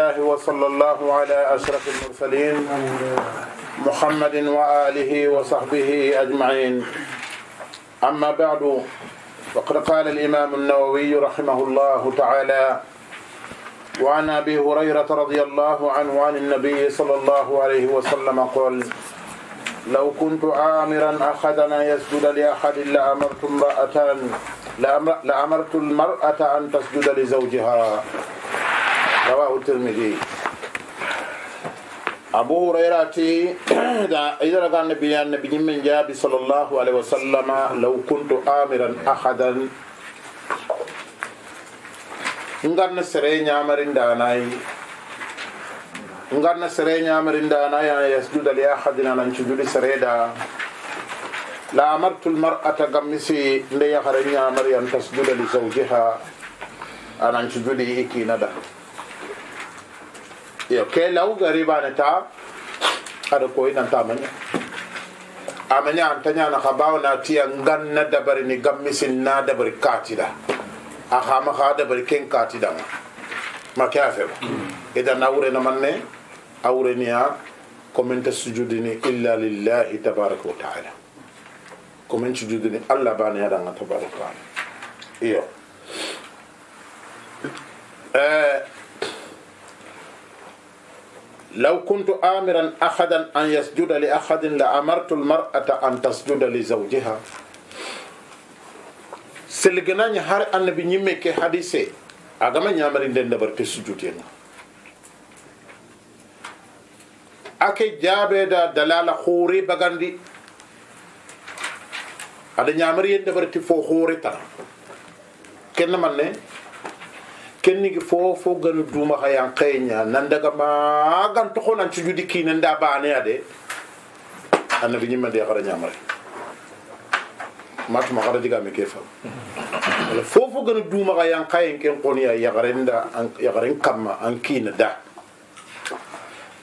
الله وصلى الله على أشرف المرسلين محمد وآله وصحبه أجمعين أما بعد فقد قال الإمام النووي رحمه الله تعالى وعن أبي هريرة رضي الله عنه عن النبي صلى الله عليه وسلم قال لو كنت آمرا اخذنا يسجد لأحد لأمرت امرأة لأمرت المرأة أن تسجد لزوجها رواه الترمذي أبو هريرة إذا رأى النبي النبي من جاب صلى الله عليه وسلم لو كنت آمرا أحدا ngarna sere ñamarin danayi ngarna sere ñamarin danayi ana yasjuda li ahadina nan cujudi sereda la amartu lmar'ata gammisi nde yahara ñamari an tasjuda li zawjiha anan cujudi ikinada yo ke law garibane ta aɗa koyi nanta amaña amaña an tañana xa bawna tiya ngan na dabari ni gammisin na dabari katida a xama xa dabari ken katidanga ma ke a feɓa idan a wurena man ne a wureniya commente sujudini illa lillahi tabaraka wa taala commen sujudini allah baneyaɗanga tabaraka wa taala iyo لو كنت آمرا أحدا أن يسجد لأحد لأمرت المرأة أن تسجد لزوجها سلغناني هر النبي نيميكي حديثي أغاما نيامرين دين دبرت سجودين أكي جابي دا دلالة خوري بغاندي أدا نيامرين دبرت فو خوري تنا كنمان نه kenni gi fo fo garu duma hayan kaynya nan daga ma gan to honan ci judi ki nan da baane ya de annabi nyima de xara nyamare ma xara diga me ke fa wala fo fo garu duma hayan kayen ken qoni ya yagarenda ya garen kamma an kina da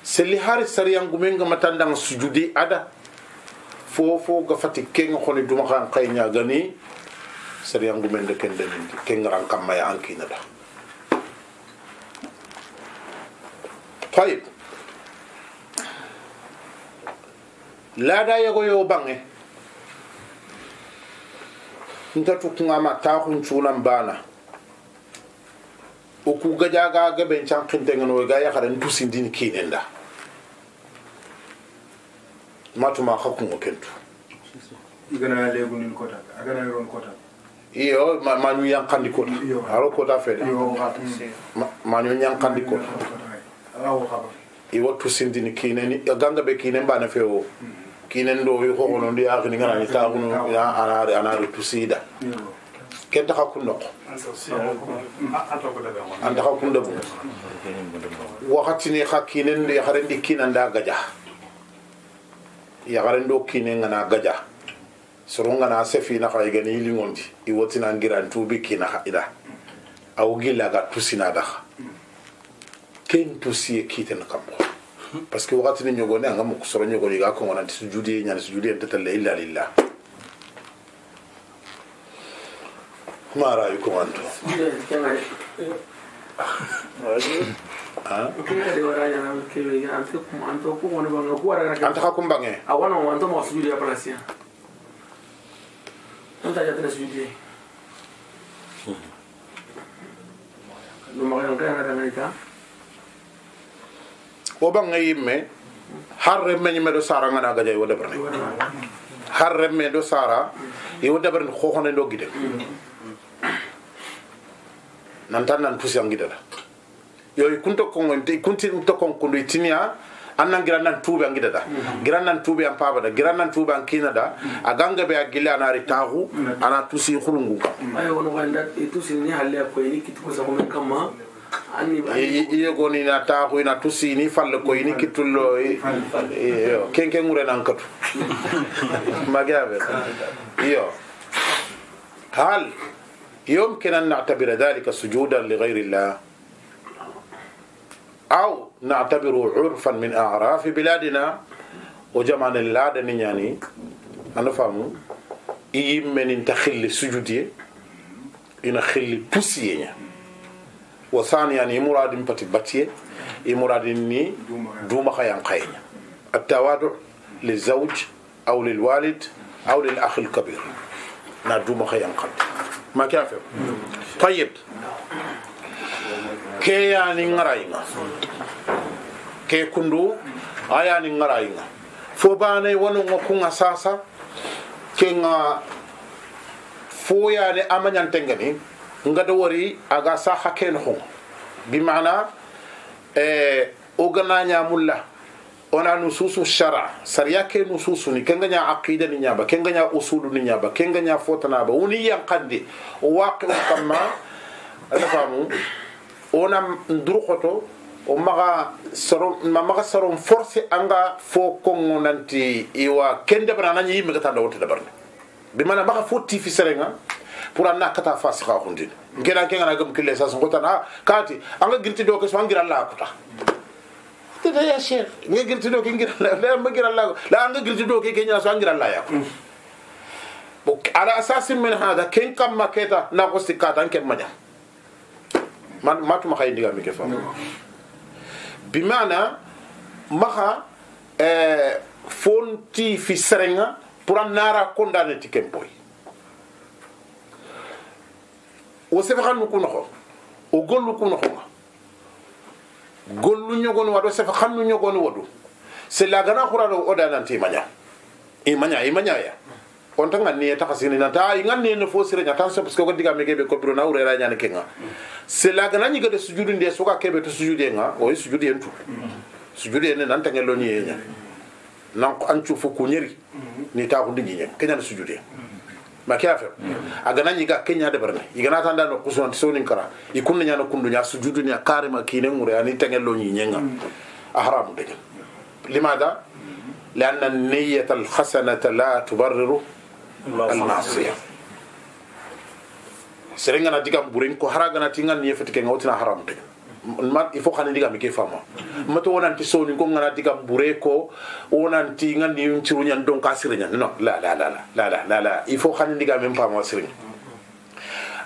seli hari sariyan gumen ga matandang sujudi ada fo fo ga fati ken xoni duma hayan kaynya gani sariyan gumen de ken de ken ran kamma ya an kina da طيب لا دا يغو يو بانغي nta tukunga ma taxun culan bana o ku gajaga gaben can xintengeno ga yaxaren tusindin kinen da matuma xa kungo kentu igana legunin kota agana yoron kota iyo manu yankandi kota aro kota fede manu yankandi kota i wattu sindini kiineni ganga be kiinen bana fewo kiinen do i hogonondi yaakini nganani taaxunu anaari anaari tusiida ken taxa kun noqo an taxa kun dabu waxatini xa kiinen yaxarendi kiinanda gaja yaxarendo kiine ngana gaja soro ngana sefinaxa igani yilingondi i wotinan giran tuubi kiinaxa ida awo gillaga tusina daxa ken to siye kiten kambo parce que wakati ni nyogone anga mu kusoro nyogone ga ko ngona sujudi nyana sujudi enta talla illa lillah ma rayu ko anto anta ah? ka kumbange awana hm. wanto ma sujudi ya palasia anta ya tena sujudi lumayan kaya ngadangani ka wo banga yimme har remme ñimme do sara ngana gaja wo debrne har remme do sara yo debrne xoxone do gide nan tan nan pusi angida la yoy kunto kongo te kunti to kon kundu tinya annan giran nan tuube angida da giran nan tuube an paba da giran nan tuube an kina da a ganga be a gilla ana ri tahu ana tusi khurungu ayo wono ganda tusi ni halle ko ni kitu ko sa ko men kama yegoni na taxu ina tusini koy ni e, e, kenke ngure nan katu hal يمكن أن نعتبر ذلك سجودا لغير الله أو نعتبره عرفا من أعراف بلادنا وجمعنا اللادن يعني أنا فاهمه إيم من تخلي سجودي إن خل بوسية يعني وثانيا يمراد يعني باتي باتيه يمراد إيه ني دوما خيان خاين التواضع للزوج او للوالد او للاخ الكبير نا دوما خيان قد ما كافر طيب كي يعني نغرينا كي كندو اياني نغرينا فوباني ونو مكونا ساسا كي نغا فو يعني امانيان تنغني ngada wari aga saha ken ho bimana e ogana nya mulla ona nususu shara sariya ke nususu ni kenga nya aqida ni nya ba kenga nya usulu ni nya ba kenga nya fotana ba uni yan qaddi waqi kamma ana famu ona ndurukoto o maga soro ma maga soro force anga fo kongo nanti iwa kende bana nanyi mi gata dawta dabarne bimana maga fo tifi serenga pour anna kata fas kha khundin ngena kenga na gam kille sas ngotan a kati anga girti do ko so ngira la kuta tete ya sheikh nga girti do ke ngira la la ma ngira la la anga girti do ke kenya so ngira la ya bo ala asasi min hada ken kam maketa na ko sikata ken manya man matuma khay ndiga mi ke fam bimana maha eh, fonti fi serenga pour nara condamné ti ken boy wo sefexannu ku noxo o gollu ku noxonga gollu ñogoni wado sefexannu ñogoni wadu c'est lagana xurano o dananti maña i maña i mañaya on tanga ne ta kasini na ta inga ne ne fo sire ta so parce que diga mege be ko biro na urera nyane kenga se la gana ni gade sujudu ndi so ka kebe to sujudu nga o sujudu en tu sujudu en nan tangelo ni yenya nan ko an chu fu kunyeri ni ta ko ndi nyenya kenya sujudu ma kafe agana nyiga kenya de barne igana tanda no kusun sonin kara ikunna nyano kundu nya sujudu nya kare ma kine ngure ani tengelo nyi nyenga ahram de لماذا لأن النية الحسنة لا تبرر المعصية سرنا ديغام بورين كو هارا غنا تيغان نيفتي كين اوتنا حرام دي il faut xana ndiga mi ke fama mato wonanti soni ko ngana diga mbure ko wonanti ngani nturu nyan don ka sirenya non la la la la la la la il faut xana ndiga mi fama sirenya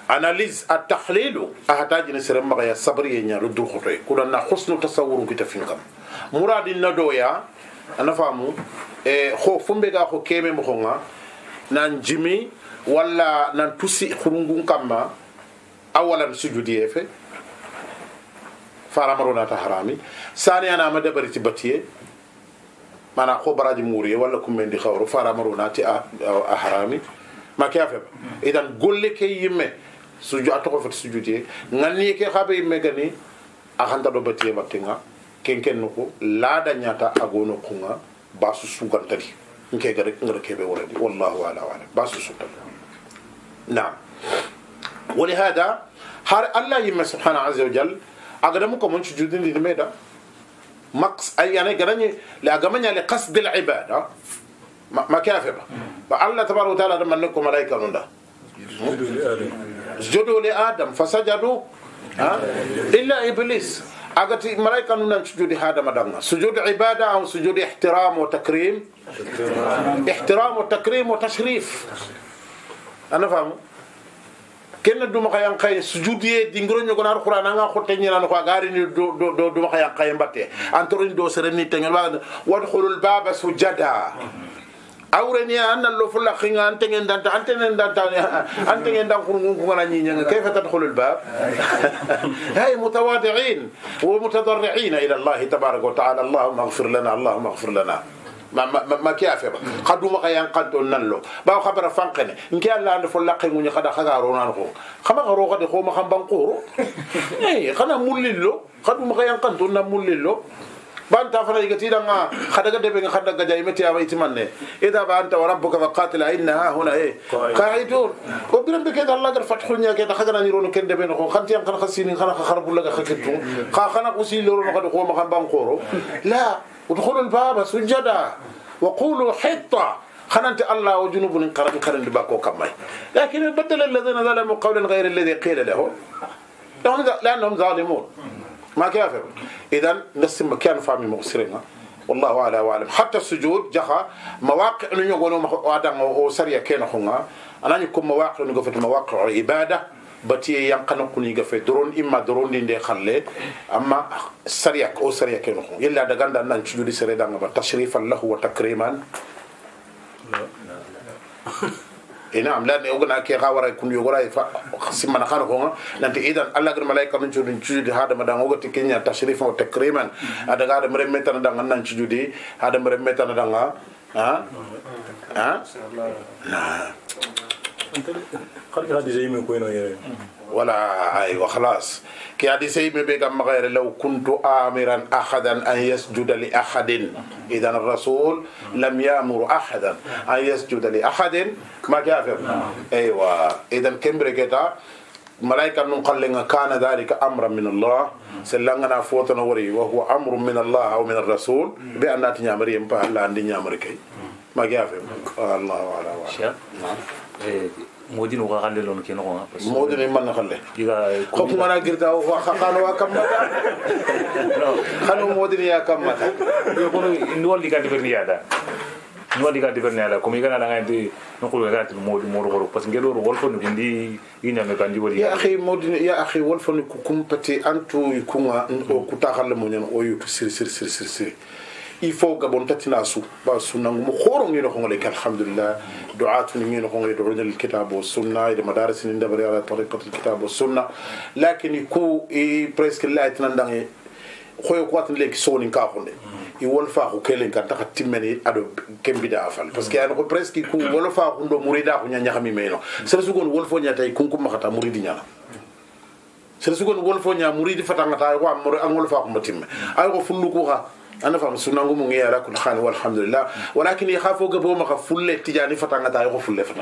analyse a tahlilu a hatajini seren magaya sabri ye ñaru dur xotoy kuna na husnu tasawurun kita fin kam muradin na doya ana faamu e xo fumbe ga xo keme mo xonga nan jimi walla nan tusi xurungun kamma awalan sujudi efe faramaro nata harami sani ana ma dabariti batiye mana ko baraji muriye walla kummendi hawro faramaro nati a harami ma ke idan golle ke yimme suju a toxo feti sujudiye ganniye ke xaɓe yimme gani a xanta ɗo batiye battenga kenken nuku laada ñata a go nokunga ba su sugantadi nke gara ngara keɓe woradi wallahu ala alam ba su sugantadi ولهذا هر الله يما سبحانه عز وجل أقدم كمان أنت جودين لماذا مقص أي يعني قرني لأجمعني لقصد العبادة ما ما كافر الله تبارك وتعالى لما نكم ملائكة الله اسجدوا لآدم فسجدوا إلا إبليس أقت ملائكة ندا سجود هذا دعنا سجود عبادة أو سجود احترام وتكريم احترام وتكريم وتشريف أنا فاهمه kenna duma kayan kay sujudiye dingro nyogo nar qur'ana nga khotte nyina no gari ni do do duma kayan kay mbatte antorin do sereni tengel wala wadkhulul baba sujada awreni anna lo fulla khinga antengen danta antengen danta antengen dan kurungu ngana nyi nyanga kayfa tadkhulul bab hay mutawadi'in wa mutadarri'in ila allah tabaarak wa ta'ala allahumma ighfir lana allahumma ighfir lana ma ke a feɓa xa duma xa yan kanton nan lo ɓaw xa bara fankene nke a leyande fo laqenguñi xada xagaronan xo xama xa roxade xoma xa mbanqoro e xana mullil lo xa duma xa yan kanton na mullil lo بانتا فريق تيرنا خدغ دبن خدغ جاي متي ابي تمنى اذا بانت وربك فقاتل انها هنا ايه قاعدون وبرم بك الله غير فتح نيا كي تخغنا نيرون كن دبن خو خنتي خن خسين خن خرب لك خكتو خا خنا قسي لورو خد خو ما خن بان لا ودخلوا الباب سجدا وقولوا حطة خننت الله وجنوب قرن قرن باكو كماي لكن بدل الذين ظلموا قولا غير الذي قيل له لأنهم ظالمون ما كافر إذا نسم كان فامي مغسرين والله على وعلم حتى السجود جخا مواقع نيغونو آدم وسريا كينا خونا أنا نكون مواقع نيغو في مواقع عبادة batiye yankana kuni gafe doron imma doron din de khalle amma sariyak o sariyak no ko yella daga ndan nan ci judi sere danga ba tashrifan lahu wa takriman ina am la ne ogna ke khawara kun yo gora fa simman khana ko nanti idan allah gar malaika min judi judi hada madan o gotti kenya tashrifan wa takriman adaga da mere metana danga nan ci judi hada mere metana danga ha ha na ولا أي وخلاص كي حديثي من بيغا غير لو كنت آمرا أحدا أن يسجد لأحد إذا الرسول لم يأمر أحدا أن يسجد لأحد ما كافر أيوة إذا كمبري كتا ملائكة من قال كان ذلك أمرا من الله سلنا فوتنا وري وهو أمر من الله أو من الرسول بأن أتني مريم يمبه الله عندي أمري كي ما جافه الله أعلم modin wa galle lon ke no nga parce modin man galle diga ko kuma na girda wa khano wa kam mata khano modin ya kam mata yo ko ni wali ka diverni ya da ni wali ka diverni ya da ko mi kana na ngai no ko ga ti modin moro goro parce ngelo ro wolfo ni ndi yinya me kan diwali ya akhi modin ya akhi wolfo ni ku kum pati antu ikunga o kuta galle mo nyen o yu sir sir sir sir sir ifo gabon tatina su ba sunangumo horo ngino hongoleke alhamdulillah duatuni ngino hongoye duunel kitabe o sunna ede madarisini ndabari ala tariqatul kitabe o sunna lakin ku i presque laytinandange hoyo ko watani leki sownin ka hunde i wolfaku kelen kan taka timmeni aɗo kembida a fal parce que ano ko presque ku wolfaku ɗo murida ko ñañahami meyno sere sugon wolfo ñatayi kunkummakata muridi ñana sere sugon wolfo ña muridi fatangata ay ko a angol fakumba timme ay ko fulluku ha ana fam sunangu mu ngiya rakul khan walhamdulillah walakin yakhafu gabo ma fulle tijani fatanga ta yako fulle fata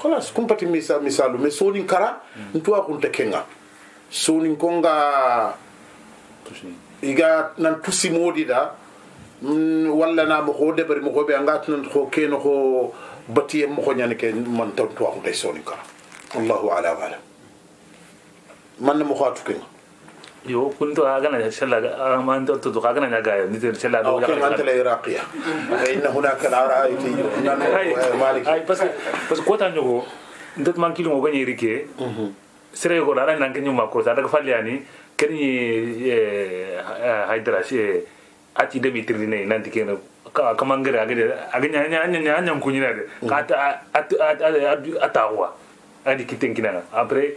khalas kum pati misa misalu me sonin kara ntwa kun tekenga sonin konga iga nan tusi modi da walla na mo hode bari mo hobe anga tan ko keno ko batiye mo ko nyane ke man tan twa kun tay sonin kara wallahu ala wala man mo khatu kenga yo kuntu agana shalla man to to kaga na ga ni to shalla do ya kan tele iraqiya inna hunaka al-araiti nan malik ay parce parce ko tan yo ndet man kilo mo gani rike sere ko dara nan kenyo makko sa daga faliani kenyi haydra she ati de mitri ne nan tikena ka kamangere agade aganya nya nya nya kunyina de ka ata ata ata ata ata ata ata ata ata ata ata ata ata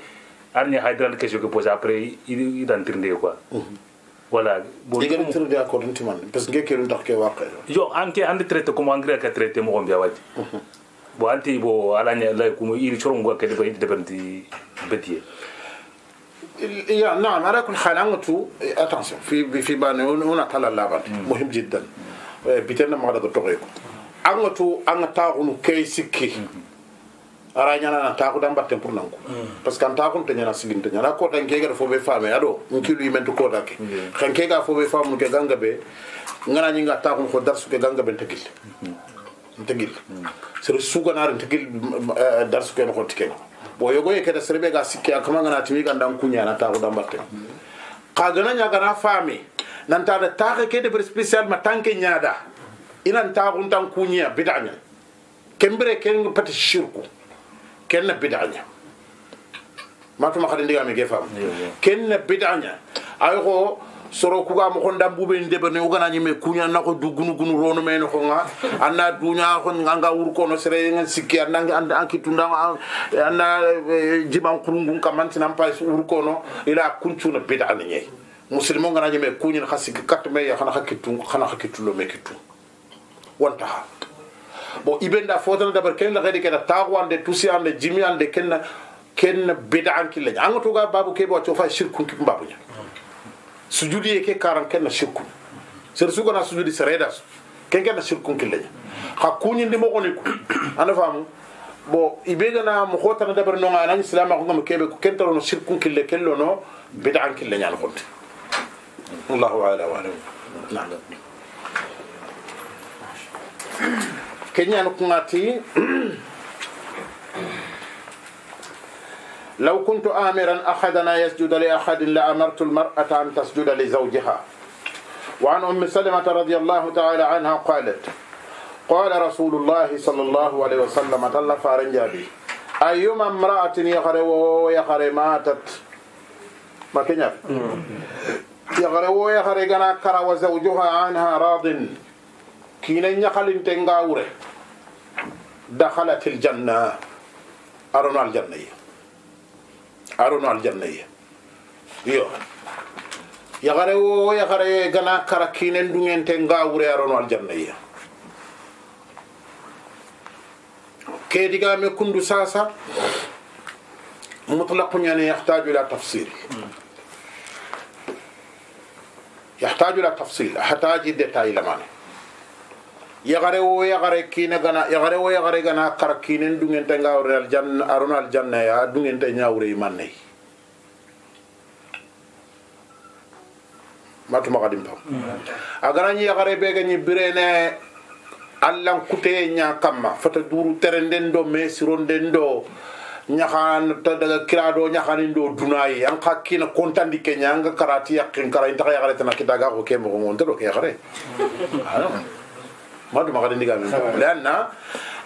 arni haydara le question que posé après il idan tirnde quoi voilà bon degen tirnde accord dum man parce que ngeke dum takke waqe yo anke and traité comme engrais ka traité mo gombe wadi bo anti bo ala ne la ko mo iri chorongo ka de bayde debanti betiye يا نعم على كل حال انتو اتنسيون في في باني هنا طلع اللعبه مهم جدا بيتنا ما غادي تغيكو انتو ان تاغونو كاي سكي ara ñana na taku dan batten pour nanku parce que an taku te ñana sigin te ñana ko tan ke gara fo be fame ado in kilu imen to ko ta ke kan ke ga fo be famu ke ganga be ngana ñi nga taku ko darsu ke ganga ben tegil tegil sere suga na ren tegil darsu ke no ko tike bo yogo e kada sere be ga sikke akama ngana timi ga dan kunya na taku dan batten ka gana ñaga na fame nan ta da taxe ke de spécial ma tanke ñada inan taku tan kunya bidaña kembere ken pati shirku kenna bid'anya matuma khadi ndiga me gefam kenna bid'anya ay ko soro kuga mo kon dambu be ndebe ne ugana nyime kunya nako ko dugunu gunu rono me no nga anna dunya ko nganga wur ko no sere ngan sikki anna anda anki tunda anna jiban kurungun kamanti nan pa wur ko no ila kunchuna bid'an nyai muslimo ngana nyime kunya khasik kat me ya khana khakitun khana khakitulo me kitun wanta bon ibenda fotana dabar kenna gadi kena tagu ande tusi ande jimi ande kenna kenna beda an killa an to ga babu ke ba to fa shirkun kin babu nya sujudi yake karan kenna shirkun sir su gona sujudi sareda su ken kenna shirkun killa nya ha kunyin dimo goni ku ana famu bo ibega na mo hotana dabar no ngana islam ko ngam kebe ko kenta no shirkun killa kello no beda an killa nya al qut Allahu a'lam wa a'lam نعم كنيا نقناتي لو كنت آمرا أحدنا يسجد لأحد لأمرت المرأة أن تسجد لزوجها وعن أم سلمة رضي الله تعالى عنها قالت قال رسول الله صلى الله عليه وسلم تلا فارنجابي أيما امرأة يخري وهو ماتت ما كنيا يخري وهو يخري كرا وزوجها عنها راضٍ kine ñakalinte nga wure dakhalatil janna arono aljanna ye arono aljanna ye yo yagare wo yagare gana kara kinen dungente nga wure arono aljanna ye كيدغامي كندو ساسا مطلق يعني يحتاج الى تفصيل يحتاج الى تفصيل احتاج ديتاي لمانه yagare wo yagare kina gana yagare wo yagare gana kar kinen dungente nga wure aljanna aruna aljanna ya dungente nya wure imanne matu magadim pam agana ni yagare bege ni birene allan kute nya kamma fata duru terenden do me sironden do ñaxan ta daga kirado ñaxanin do dunayi an xa kina contandi ke ñanga karati yakin kara intaxa yaxare tana kitaga xo ke moxo ngonte do ke yaxare ma magadi ndiga men lanna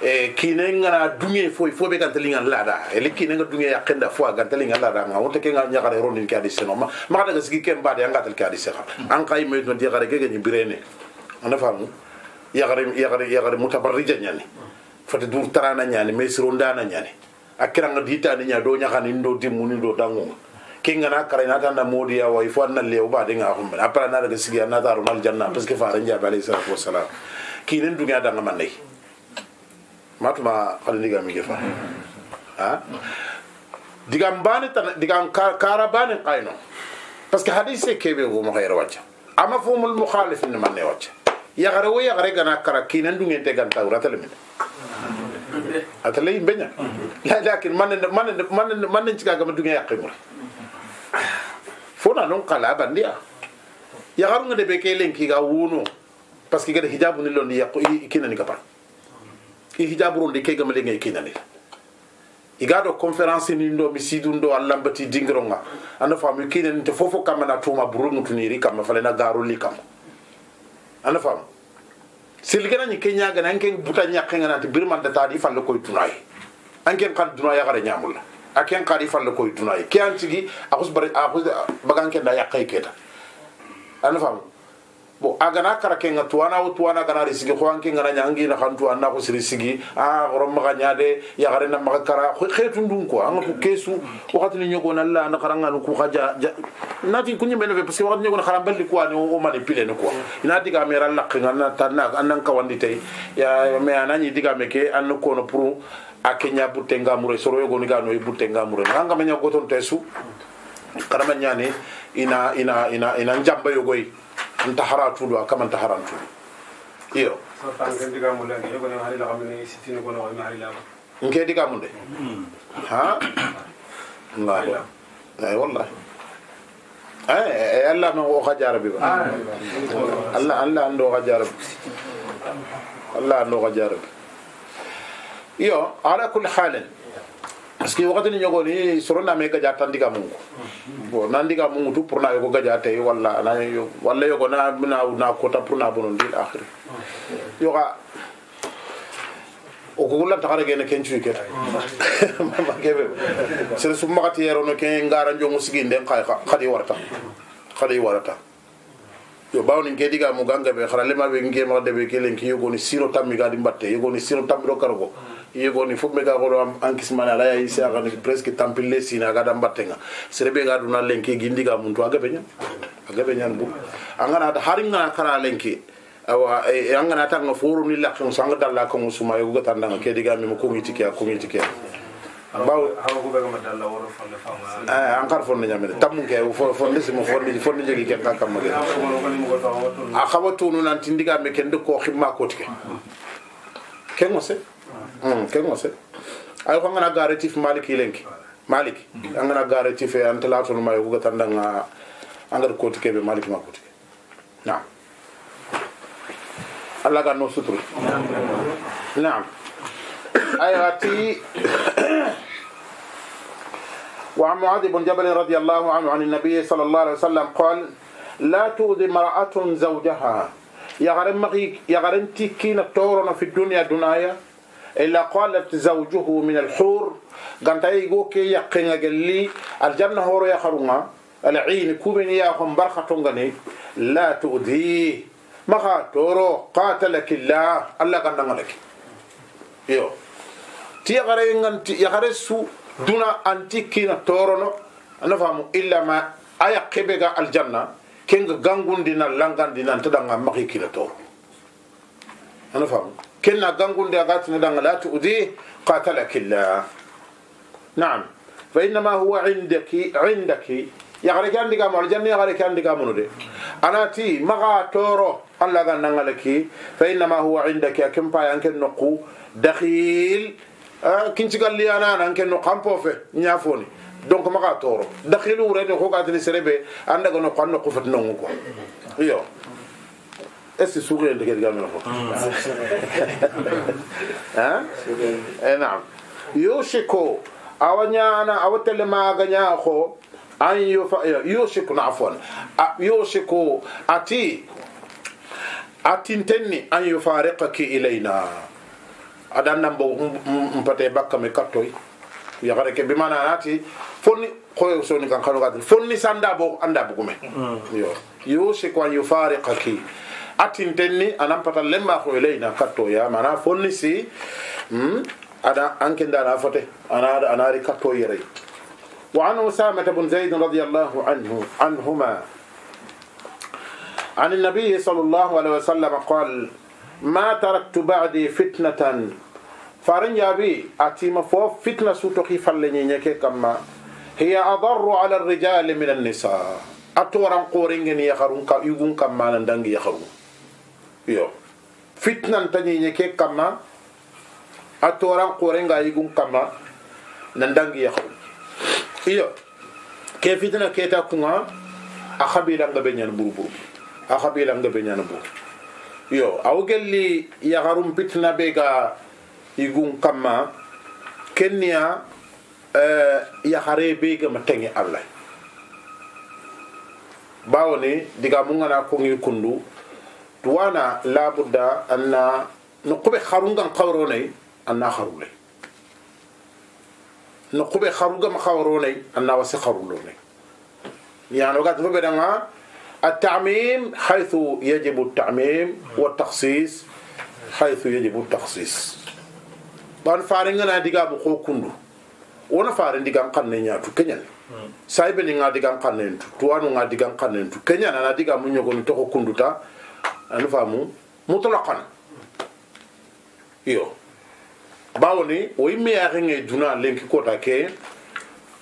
e kine ngana dunge fo fo be gantali ngal lada ele kine nga dunge yakenda fo gantali ngal lada nga wote ke nga nyagare ronin ka adi senoma magada ga sigi kem bade ngatal ka di sekha an kay me don di gare gege ni birene ana famu yagare yagare yagare mutabarrija nyane fata dur tarana nyane mesiro ndana nyane akira nga dita ni nya do nyaka ni ndo dimu ni do dangu kinga ngana kare nata na modi ya wa ifo na le uba de nga humba apara na daga sigi na taru mal janna parce que faran jabe alayhi salatu wassalam kinen dunga danga manai matuma kan diga mi gefa ha diga mbani tan diga kara bani qaino parce que hadise kebe go mo khayra wacha ama fumul mukhalif ni manne wacha ya gare wo ya gare gana kara kinen dunga te gan tawra talmin atalay benya la lakin man man man man ci ga dunga yaqimur fona non qala bandiya ya garu ngade be ke lenki ga wono parce que gada hijabu ni londi yakko i kinani ga bara i hijabu rondi ke gamale ngai kinani igado conférence ni ndo mi sidu ndo allambati dingironga anda famu kinani te fofo kamana tuma burungu tuniri kam falena garo li kam anda famu silgana ni kenya gana anken buta nyakke ngana te birman da tadi falle koy tunay anken kan dunaya gara nyamulla aken kadi falle koy tunay ke antigi akus bare akus baganken da yakkay keta anda famu bo agana kara kenga tuwana o tuwana gana risigi xoanke ngana ñangi na xan tuwanna xo siri sigi a xoro maxa ñade yaxare na maxa kara xeetun dun quoi anga ku kesu waxatini ñogona la na xaranganu ku xa ja nati ku ñimene fe parce que waxatini ñogona xaran balli kuwani o manipule ne quoi ina diga me ra laqinga annan kawandi tey mais anañi diga me ke an kono pour a keña butte ngamure soro yogoni gano i butte ngamure anga meña goton te su xarama ñani ina ina ina ina njamba yogoy nta hara tulu a kama nta haran tulu iyo nke diga mun de ha allahu ay wallahi ay allah no ko khajara bi ba allah allah ando khajara bi allah ando khajara bi iyo ala kulli halin parce que wakatini ñogoni soro name gadia tandiga mungu bon nandiga mungu tu pour na yogo gadia tay walla na walla yogo na na na kota pour na bonon dil akhir yoga o kugulla taxara gene ken cuy keta ma kebe sere summaxati yerono ke ngara njongu siginden xay xadi warata xadi warata yo bawni ke diga mu gangabe xara lema be ngema debe kelen ki yogoni siro tammi gadi mbatte yogoni siro tammi do kargo mm -hmm. yegoni fof me ga koɗo encaissement ala yayi se agani presque tampille sine aga da mbattenga serebe ga duna lenki gindiga mum to aga ɓe ñan aga ɓe ñan bo anganata haringana kara lenki awa angana tanga forum ni lakkon sanga dalla kongo suma yogo gatandanga kedigami mo kongiti ke a kongiti ke baw an kar fonde ñamede tammu ke fonde simo fonde fonde jogui ken ka kamma ke a xawa tunu nanti ndigamme ken de ko ximma koti ke kengo se كيف ما سير أيوة أنا عارف تيف مالك يلينك مالك أنا عارف تيف أنت لا تقول ما يقول كتاندا أنا أنا ركوت كيف مالك ما كوت نعم الله كان نصتر نعم أيوة تي وعن معاذ بن جبل رضي الله عنه عن النبي صلى الله عليه وسلم قال لا تؤذي امرأة زوجها يا غرم يا غرم تكين تورنا في الدنيا دنايا إلا قالت زوجه من الحور قانت أيقو كي يقين قال الجنة هو يخرونها العين كوبين ياهم برخة لا تؤذيه ما تورو قاتلك الله الله قانت لك يو تي غري يغري سو دون أنتي كينا تورونو أنا فهم إلا ما أيا قبقى الجنة كينغ gangundi دينا langandi دينا ntada nga maki kila toro ana famu كنا قنقل داغاتنا دانا لا تؤذيه قاتلك الله نعم فإنما هو عندك عندك yagare ke andiga mo aljanna yagare ke andiga mo de anati maga toro alla ga nangalaki fa inna ma huwa indaka kim pa yanken nuqu dakhil kin ci galli ana nan ken no kampo fe nya foni donc maga toro dakhilu rede ko ga tini serebe andaga no kan no ko fat nongu ko yo اسي سوريا اللي كانت جامعة ها نعم يوشكو أوانيانا أوتل ما غنياخو أن يوشكو عفوا يوشكو أتي أتنتني أن يفارقك إلينا adan nan bo mpate bakka me kattoy yagare ke bimana nati fonni koyo soni kan kanu gadel fonni sanda bo anda bugume yo yusiku an yufariqaki atintenni anan pata lemma ko katto ya mana fonni si hmm, ada anke ndara fote anada anari katto yere wa an usama ibn zaid radiyallahu anhu anhuma عن النبي صلى الله عليه وسلم قال ما تركت بعدي فتنة فارن يابي أتيم فو فتنة سوتوخي فلني نيكي كما هي أضر على الرجال من النساء أتورن قورين يخرون يقون كما نندنج يخرون yo fitnan tanyenye ke kama atoran korenga igun kama nandangi ya khum iyo ke fitna ke ta kunga a khabila nga benyan buruburu a khabila nga benyan buru yo awgelli ya garum fitna bega igun kama kenya uh, ya hare bega matenge allah bawoni diga mungana kongi kundu وانا لابد ان نقب خرونغا قوروني ان خرولي نقب خرونغا خوروني ان وسي خرولوني يعني وقت فبدنا التعميم حيث يجب التعميم والتخصيص حيث يجب التخصيص بان فارنغنا ديغا بو كوندو wona faren digan kanne ñatu keñal saybeni nga digan kannen tu tuwanu nga digan kannen tu keñal ana diga mu ñogoni toxo kunduta نفهمه مطلقا iyo bawoni o yimme yaxenge duna lenki kota ke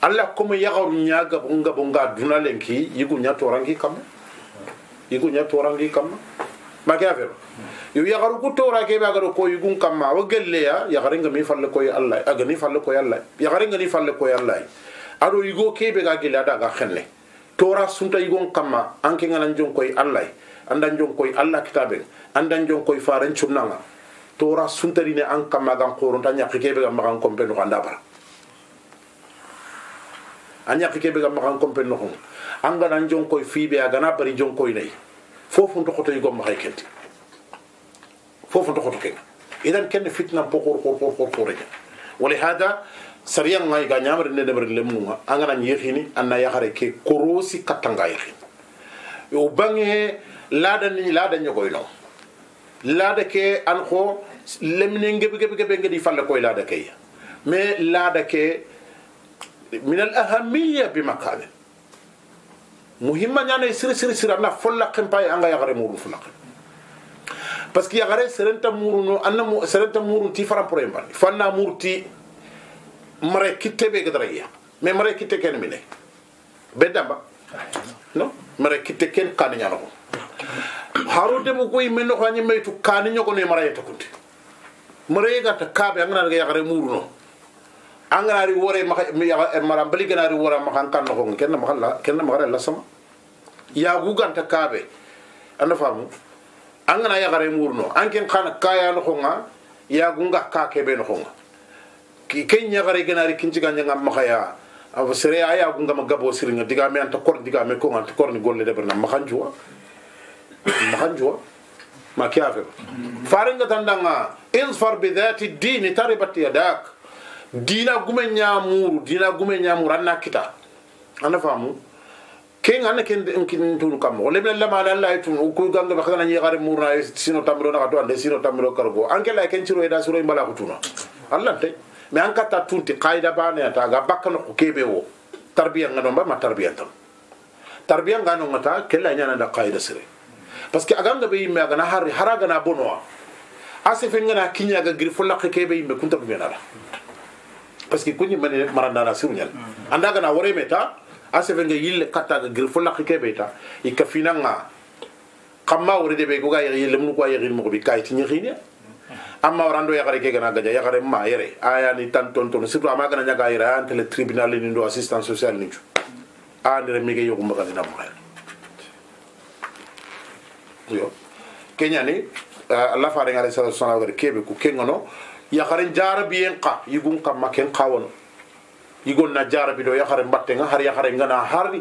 alla comme yaxaru ña gabonga duna lenki yigu ña torangi kamma yigu ña torangi kamma make affaire yo yaxaru ku tora ke be agara ko yigun kamma wo gelleya yaxarenga mi falle koy allah agani falle koy allah yaxarenga ni falle koy allah ado yigo ke be ga gelle ada ga xenne tora sunta yigon kamma anke nganan jon koy allah andan koy allah kitaben andan jonkoy faren cunnanga tora ne an kamma gan tan ñakki kebe gam magan kompe no anda bara a ñakki keɓe ga magan compe noxonga an ganan jonkoy fiɓe a na bari nay fofu to toxotoy gom maxay kenti to toxoto kenga idan ken fitna po pokor xor xor xor xoreña wala hada sariyan ngai ga nyamar ne debar lemunga angana nyehini anna ya ke korosi katanga yehini o bange laada ni laada ñogoyno laada ke an ko lemine gebe gebe gebe ngedi falle koye laada keya mais laada ke min al ahamiya bi makaɓe muhimma ñana siri siri siri anna follaken paye anga yagare muɗum fulaken parce que yagare serenta muruno anna serenta murun ti faranporoye mbanni fanna muru ti mare kitte ɓe gedaraya mais mare kitte ken mine be damba non mare kitte ken kane ñanogo haro debu koy men no xani maytu kani ñoko ne maraye to kunti maraye ga ta kabe angana ga yagare murno angana ri wore ma mara bali gana ri wora ma kan kan no ken ma xalla ken ma xare la sama ya gu ganta kabe ana famu angana yagare murno anken xana kaya no xonga ya gu nga ka kebe no xonga ki ken yagare gana ri kinci ganya ngam ma xaya sere aya gu nga ma gabo siringa diga me anta kor diga me ko anta kor ni golle de berna ma xanjuwa makan jua ma faringa tandanga insfar bi dhati dini taribat yadak dina gume nyamuru dina gume nyamuru anna kita anna famu ken anna ken kin tun kam wala min lama la la tun gandu ganga bakana ni gare murna e sino tamro na to ande sino tamro kargo anke la ken ciro eda suro imbala kutuna allah te me anka kata tunti qaida bana ya ta ga bakana ko kebe wo tarbiya ngano ma tarbiya tam tarbiya ngano ngata kella nyana da qaida sire parce que aganga be yimme agana harri hara gana bonowa a sefe ngana kiña aga giri fo lakki kebe yimme kunta dumenada parce que kuñi mani marandana siruñal anda gana woreme ta a sefe nga yille katta aga giri fo lakki kebe ta i ka finanga xamma wori de be ko ga yexi yelle munu ko a yexin moxo bi kayi ti ñexinia amma warando yagare ke gana gaja yagare ma yere aya ni tan ton ton surtout ama gana ñaga yere aya antele tribunal ni ndo assistance sociale ni cu a andere mige yogumbagani na moxere yo kenyani allah farenga alayhi salatu wasalam gar kebe ku kengono yakaren jarabiyen qa yigun kamma ken qawono yigon na jarabi do yakare mbattenga har yakare ngana har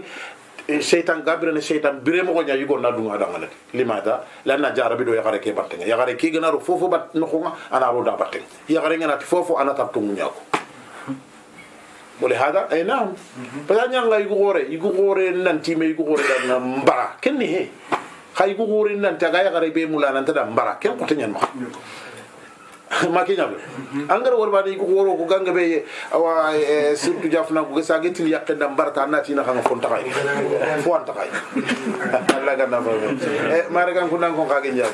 seytan gabirene seytan biremogo ña yigonna dunga dangalati limata lanna jarabi do yakare ke battenga yakare ke ganaro fofo bat noxonga ana roda battenga yakare ngenati fofo ana tar tungu ñako ولهذا اي نعم بدا نيانغا يغوري يغوري نانتي مي يغوري دان مبارا كني هي xay ku xurin nanta ga yaxare be mula nanta da mbara ken xote ñan maxa ma ke ñamle engrais warmane ku woro ko ganga be awa surtout jafna ko sa getin yakke ndam barta nati na xanga fon taxay fon taxay alla ganna fa e mare gan ko nan ko xage ñam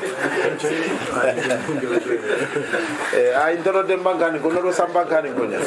e ay ndoro dem bangani ko ndoro sam bangani ko ñam